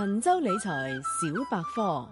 神州理財小百科。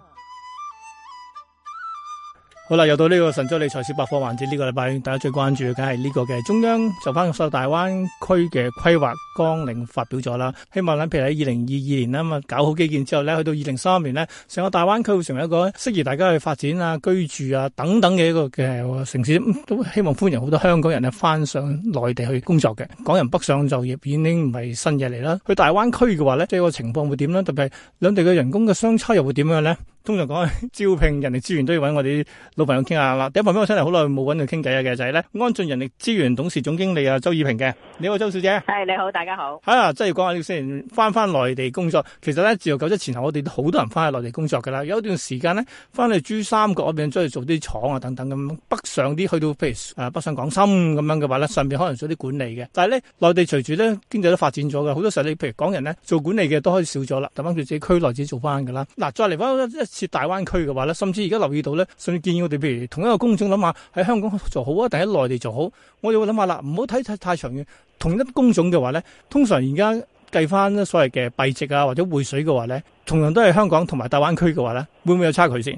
好啦，又到呢個神州理財小百科環節，呢、這個禮拜大家最關注的是、這個，梗係呢個嘅中央就翻晒大灣區嘅規劃綱領發表咗啦。希望咧，譬如喺二零二二年啦嘛，搞好基建之後咧，去到二零三年咧，成個大灣區會成為一個適宜大家去發展啊、居住啊等等嘅一個嘅城市，都希望歡迎好多香港人呢翻上內地去工作嘅，港人北上就業已經唔係新嘢嚟啦。去大灣區嘅話咧，即、這、係個情況會點咧？特別係兩地嘅人工嘅相差又會點樣咧？通常講起招聘人力資源都要揾我哋老朋友傾下啦。第一個朋友真係好耐冇揾佢傾偈嘅就係、是、咧安俊人力資源董事總經理啊周綺萍嘅。你好，周小姐，係你好，大家好。啊、哎，即係講下呢先。翻翻內地工作，其實咧自從九七前後，我哋都好多人翻去內地工作㗎啦。有一段時間咧，翻去珠三角嗰邊，所以做啲廠啊等等咁北上啲去到譬如誒、啊、北上廣深咁樣嘅話咧，順便可能做啲管理嘅。但係咧內地隨住咧經濟都發展咗嘅，好多時候譬如港人咧做管理嘅都可以少咗啦，就翻佢自己區內自己做翻㗎啦。嗱，再嚟翻至大灣區嘅話咧，甚至而家留意到咧，甚至建議我哋譬如同一個工種諗下喺香港做好啊，定喺內地做好，我哋會諗下啦，唔好睇太長遠。同一工種嘅話咧，通常而家計翻咧所謂嘅幣值啊，或者匯水嘅話咧，同樣都係香港同埋大灣區嘅話咧，會唔會有差距先？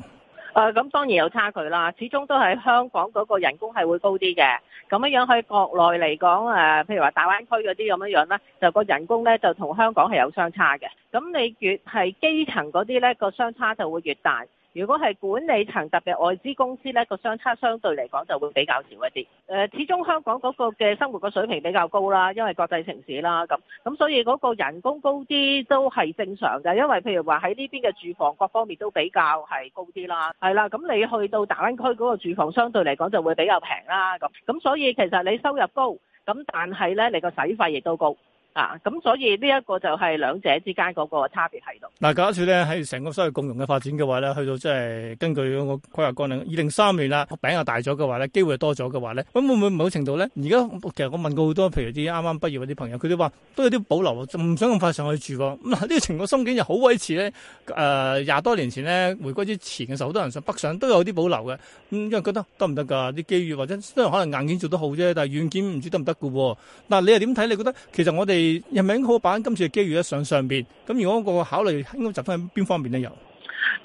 誒咁、啊、當然有差距啦，始終都係香港嗰個人工係會高啲嘅，咁樣去國內嚟講、啊、譬如話大灣區嗰啲咁樣樣就個人工咧就同香港係有相差嘅，咁你越係基層嗰啲咧，個相差就會越大。如果係管理層特別外資公司呢，呢個相差相對嚟講就會比較少一啲。誒、呃，始終香港嗰個嘅生活個水平比較高啦，因為國際城市啦，咁咁所以嗰個人工高啲都係正常嘅，因為譬如話喺呢邊嘅住房各方面都比較係高啲啦，係啦。咁你去到大灣區嗰個住房相對嚟講就會比較平啦。咁咁所以其實你收入高，咁但係呢，你個使費亦都高。啊，咁所以呢一個就係兩者之間嗰個差別喺度。嗱，假設咧喺成個社會共融嘅發展嘅話咧，去到即係根據個規劃綱領，二零三年啦，餅又大咗嘅話咧，機會多咗嘅話咧，咁會唔會某程度咧？而家其實我問過好多，譬如啲啱啱畢業嗰啲朋友，佢哋話都有啲保留，唔想咁快上去住。咁、這、呢個情況心境就好維持咧。誒、呃，廿多年前咧回歸之前嘅時候，好多人想北上，都有啲保留嘅。因為覺得得唔得噶？啲機遇或者雖然可能硬件做得好啫，但係軟件唔知得唔得㗎。嗱，你又點睇？你覺得其實我哋？任命好把握今次嘅機遇一上上邊，咁如果個考慮應該集中喺邊方面呢？有。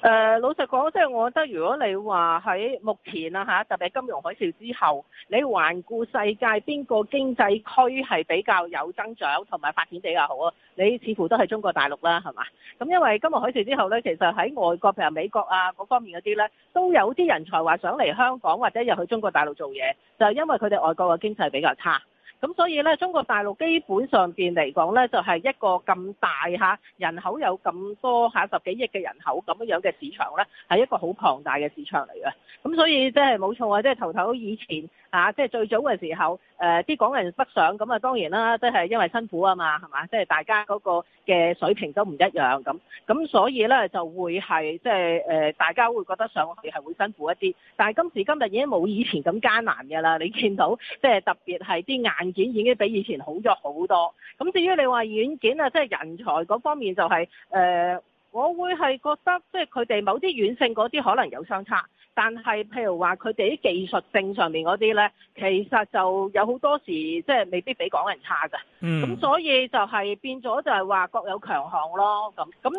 誒、呃，老實講，即係我覺得，如果你話喺目前啊嚇，特別係金融海嘯之後，你環顧世界，邊個經濟區係比較有增長同埋發展比較好啊？你似乎都係中國大陸啦，係嘛？咁因為金融海嘯之後呢，其實喺外國譬如美國啊嗰方面嗰啲呢，都有啲人才話想嚟香港或者入去中國大陸做嘢，就係、是、因為佢哋外國嘅經濟比較差。咁所以咧，中國大陸基本上面嚟講咧，就係、是、一個咁大吓人口有咁多吓十幾億嘅人口咁樣嘅市場咧，係一個好龐大嘅市場嚟嘅。咁所以即係冇錯啊，即係頭頭以前、啊、即係最早嘅時候，誒、呃、啲港人北上，咁啊當然啦，即係因為辛苦啊嘛，係嘛，即、就、係、是、大家嗰個嘅水平都唔一樣咁，咁所以咧就會係即係大家會覺得上去係會辛苦一啲，但係今時今日已經冇以前咁艱難嘅啦。你見到即係、就是、特別係啲眼軟件、嗯、已經比以前好咗好多。咁至於你話軟件啊，即、就、係、是、人才嗰方面就係、是、誒、呃，我會係覺得即係佢哋某啲軟性嗰啲可能有相差，但係譬如話佢哋啲技術性上面嗰啲呢，其實就有好多時即係、就是、未必比港人差噶。咁所以就係變咗就係話各有強項咯。咁咁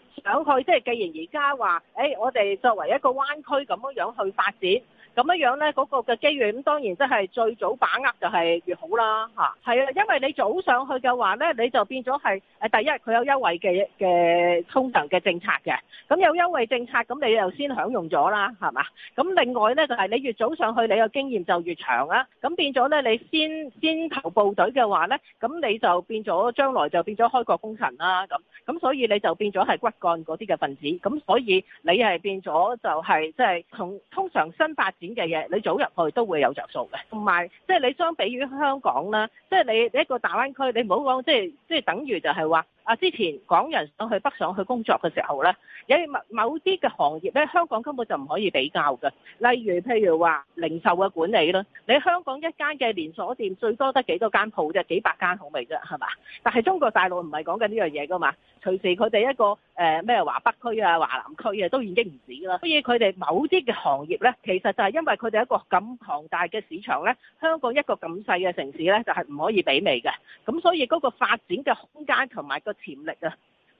而想佢即係既然而家話，誒、欸、我哋作為一個灣區咁樣樣去發展。咁樣樣呢，嗰個嘅機遇，咁當然即係最早把握就係越好啦，係啊，因為你早上去嘅話呢，你就變咗係第一，佢有優惠嘅嘅通常嘅政策嘅。咁有優惠政策，咁你又先享用咗啦，係嘛？咁另外呢，就係你越早上去，你嘅經驗就越長啦。咁變咗呢，你先先頭部隊嘅話呢，咁你就變咗將來就變咗開國功臣啦。咁咁所以你就變咗係骨幹嗰啲嘅分子。咁所以你係變咗就係即係同通常新發展。嘅嘢，你早入去都會有着數嘅，同埋即係你相比於香港啦，即係你一個大灣區，你唔好講即係即係等於就係話。啊！之前港人想去北上去工作嘅時候呢，有啲某啲嘅行業呢，香港根本就唔可以比較嘅。例如譬如話零售嘅管理啦，你香港一間嘅連鎖店最多得幾多間鋪啫？幾百間好味啫？係嘛？但係中國大陸唔係講緊呢樣嘢噶嘛？隨時佢哋一個誒咩、呃、華北區啊、華南區啊，都已經唔止啦。所以佢哋某啲嘅行業呢，其實就係因為佢哋一個咁龐大嘅市場呢，香港一個咁細嘅城市呢，就係唔可以媲美嘅。咁所以嗰個發展嘅空間同埋個潛力啊，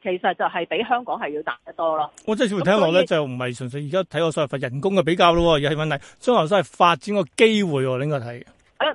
其實就係比香港係要大得多咯。哦、即我真係聽落咧就唔係純粹而家睇我所謂人工嘅比較咯，而係問題將來所謂發展個機會喎，你應該睇。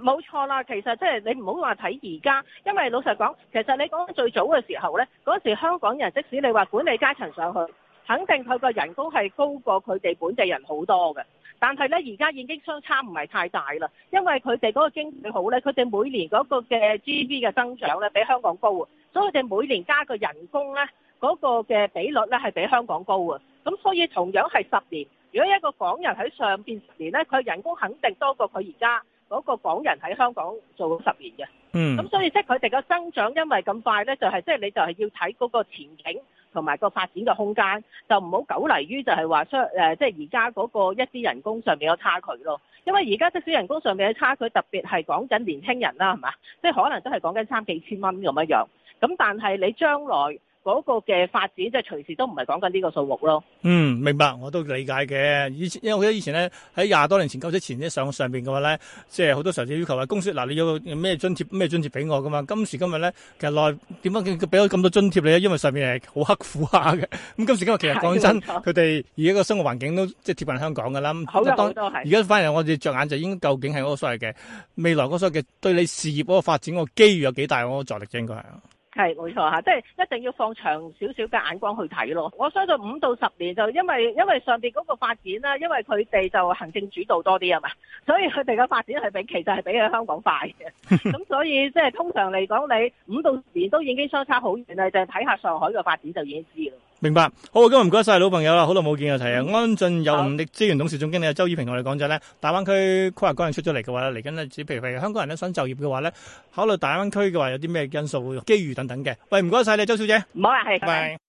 冇、啊、錯啦，其實即係你唔好話睇而家，因為老實講，其實你講最早嘅時候咧，嗰時香港人即使你話管理階層上去。肯定佢個人工係高過佢哋本地人好多嘅，但係呢，而家已經相差唔係太大啦，因為佢哋嗰個經濟好呢，佢哋每年嗰個嘅 GDP 嘅增長呢比香港高啊，所以佢哋每年加個人工呢，嗰個嘅比率呢係比香港高啊，咁所以同樣係十年，如果一個港人喺上面十年呢，佢人工肯定多過佢而家嗰個港人喺香港做十年嘅。嗯。咁所以即係佢哋個增長，因為咁快呢，就係即係你就係要睇嗰個前景。同埋個發展嘅空間，就唔好拘泥於就係話出誒，即係而家嗰個一啲人工上面嘅差距咯。因為而家即使人工上面嘅差距，特別係講緊年輕人啦，係嘛？即係可能都係講緊三幾千蚊咁樣樣。咁但係你將來，嗰個嘅發展即係隨時都唔係講緊呢個數目咯。嗯，明白，我都理解嘅。以前因為我記得以前咧喺廿多年前購車前咧上上邊嘅話咧，即係好多上司要求話公司嗱、啊、你要咩津貼咩津貼俾我噶嘛。今時今日咧，其實內點解佢俾咗咁多津貼你咧？因為上邊係好刻苦下嘅。咁今時今日其實講的真，佢哋而家個生活環境都即係貼近香港噶啦。好多好多係。而家反而我哋着眼就應該究竟係嗰個所謂嘅未來嗰個所謂嘅對你事業嗰個發展個機遇有幾大嗰個助力應該係。係冇錯嚇，即係一定要放長少少嘅眼光去睇咯。我相信五到十年就因為因為上面嗰個發展啦，因為佢哋就行政主導多啲吖嘛，所以佢哋嘅發展係比其實係比喺香港快嘅。咁 所以即係通常嚟講，你五到十年都已經相差好遠啦，就係睇下上海嘅發展就已經知啦。明白，好，今日唔該晒老朋友啦，好耐冇見啊，提啊、嗯，安俊人力資源董事總經理的周綺萍同我哋講咗咧，好大灣區規劃綱要出咗嚟嘅話咧，嚟緊咧，只譬如香港人咧想就業嘅話咧，考慮大灣區嘅話有啲咩因素，機遇等等嘅，喂，唔該晒你，周小姐，唔好客氣，拜。